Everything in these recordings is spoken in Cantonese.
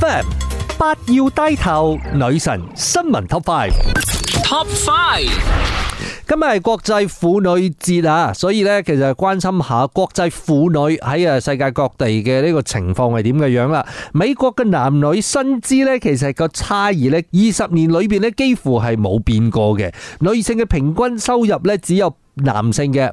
不要低頭，女神！新聞 Top Five Top Five 今日係國際婦女節啊，所以咧其實關心下國際婦女喺誒世界各地嘅呢個情況係點嘅樣啦。美國嘅男女薪資咧，其實個差異咧二十年裏邊咧幾乎係冇變過嘅。女性嘅平均收入咧只有男性嘅。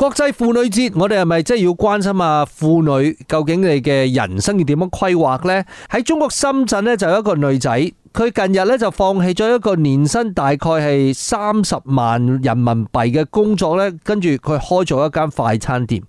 國際婦女節，我哋係咪真係要關心啊？婦女究竟你嘅人生要點樣規劃呢？喺中國深圳呢，就有一個女仔，佢近日呢就放棄咗一個年薪大概係三十萬人民幣嘅工作呢，跟住佢開咗一間快餐店。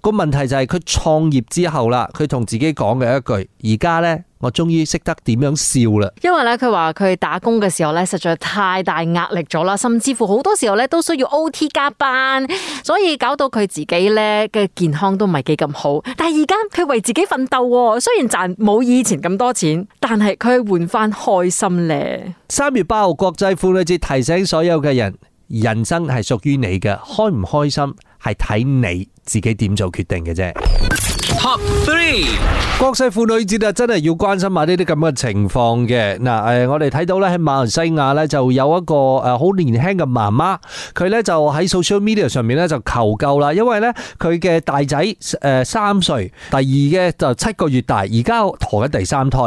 個問題就係佢創業之後啦，佢同自己講嘅一句，而家呢，我終於識得點樣笑啦。因為咧佢話佢打工嘅時候呢，實在太大壓力咗啦，甚至乎好多時候呢，都需要 OT 加班，所以搞到佢自己呢嘅健康都唔係幾咁好。但係而家佢為自己奮鬥，雖然賺冇以前咁多錢，但係佢換翻開心呢。三月八號國際婦女節，提醒所有嘅人，人生係屬於你嘅，開唔開心？係睇你自己點做決定嘅啫。Top three，國際婦女節啊，真係要關心下呢啲咁嘅情況嘅。嗱，誒，我哋睇到咧，喺馬來西亞咧就有一個誒好年輕嘅媽媽，佢咧就喺 social media 上面咧就求救啦。因為咧佢嘅大仔誒三歲，第二嘅就七個月大，而家陀緊第三胎。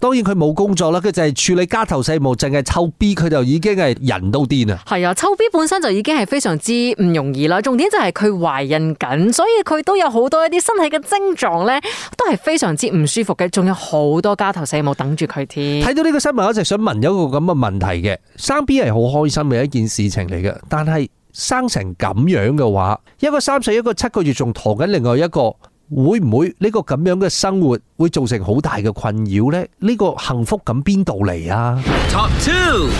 當然佢冇工作啦，佢淨係處理家頭細務，淨係湊 B，佢就已經係人都癲啦。係啊，湊 B 本身就已經係非常之唔容易啦。重點就係佢懷孕緊，所以佢都有好多一啲身體嘅症狀咧都係非常之唔舒服嘅，仲有好多家頭細務等住佢添。睇到呢個新聞，我一直想問有一個咁嘅問題嘅，生 B 係好開心嘅一件事情嚟嘅，但係生成咁樣嘅話，一個三歲，一個七個月，仲馱緊另外一個，會唔會呢個咁樣嘅生活會造成好大嘅困擾呢？呢、呢個幸福感邊度嚟啊？Top two。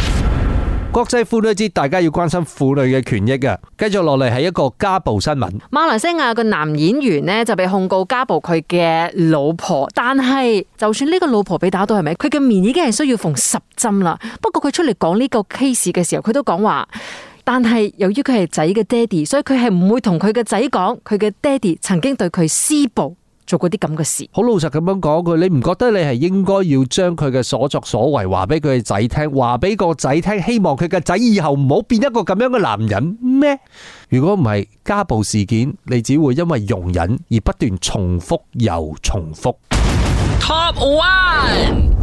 國際婦女節，大家要關心婦女嘅權益嘅。繼續落嚟係一個家暴新聞。馬來西亞個男演員呢就被控告家暴佢嘅老婆，但係就算呢個老婆被打到係咪？佢嘅面已經係需要縫十針啦。不過佢出嚟講呢個 case 嘅時候，佢都講話，但係由於佢係仔嘅爹哋，所以佢係唔會同佢嘅仔講，佢嘅爹哋曾經對佢施暴。做嗰啲咁嘅事，好老實咁樣講佢，你唔覺得你係應該要將佢嘅所作所為話俾佢嘅仔聽，話俾個仔聽，希望佢嘅仔以後唔好變一個咁樣嘅男人咩？如果唔係家暴事件，你只會因為容忍而不斷重複又重複。Top one。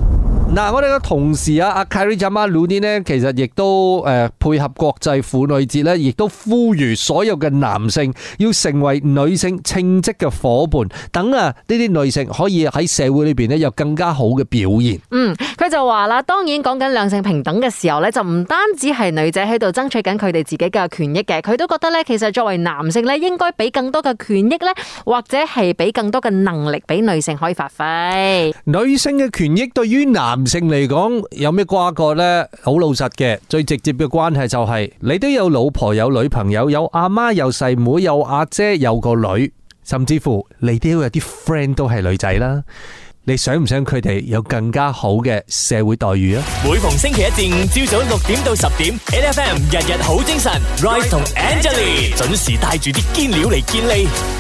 嗱，我哋嘅同事啊，阿 Carrie 媽 l o u 咧，其實亦都誒、呃、配合國際婦女節咧，亦都呼籲所有嘅男性要成為女性稱職嘅伙伴，等啊呢啲女性可以喺社會裏邊咧有更加好嘅表現。嗯，佢就話啦，當然講緊兩性平等嘅時候咧，就唔單止係女仔喺度爭取緊佢哋自己嘅權益嘅，佢都覺得咧，其實作為男性咧，應該俾更多嘅權益咧，或者係俾更多嘅能力俾女性可以發揮。女性嘅權益對於男男性嚟講有咩瓜葛呢？好老實嘅，最直接嘅關係就係、是、你都有老婆、有女朋友、有阿媽、有細妹、有阿姐、有個女，甚至乎你有都有啲 friend 都係女仔啦。你想唔想佢哋有更加好嘅社會待遇啊？每逢星期一至五朝早六點到十點，NFM 日日好精神，Rise 同 Angelina 準時帶住啲堅料嚟堅利。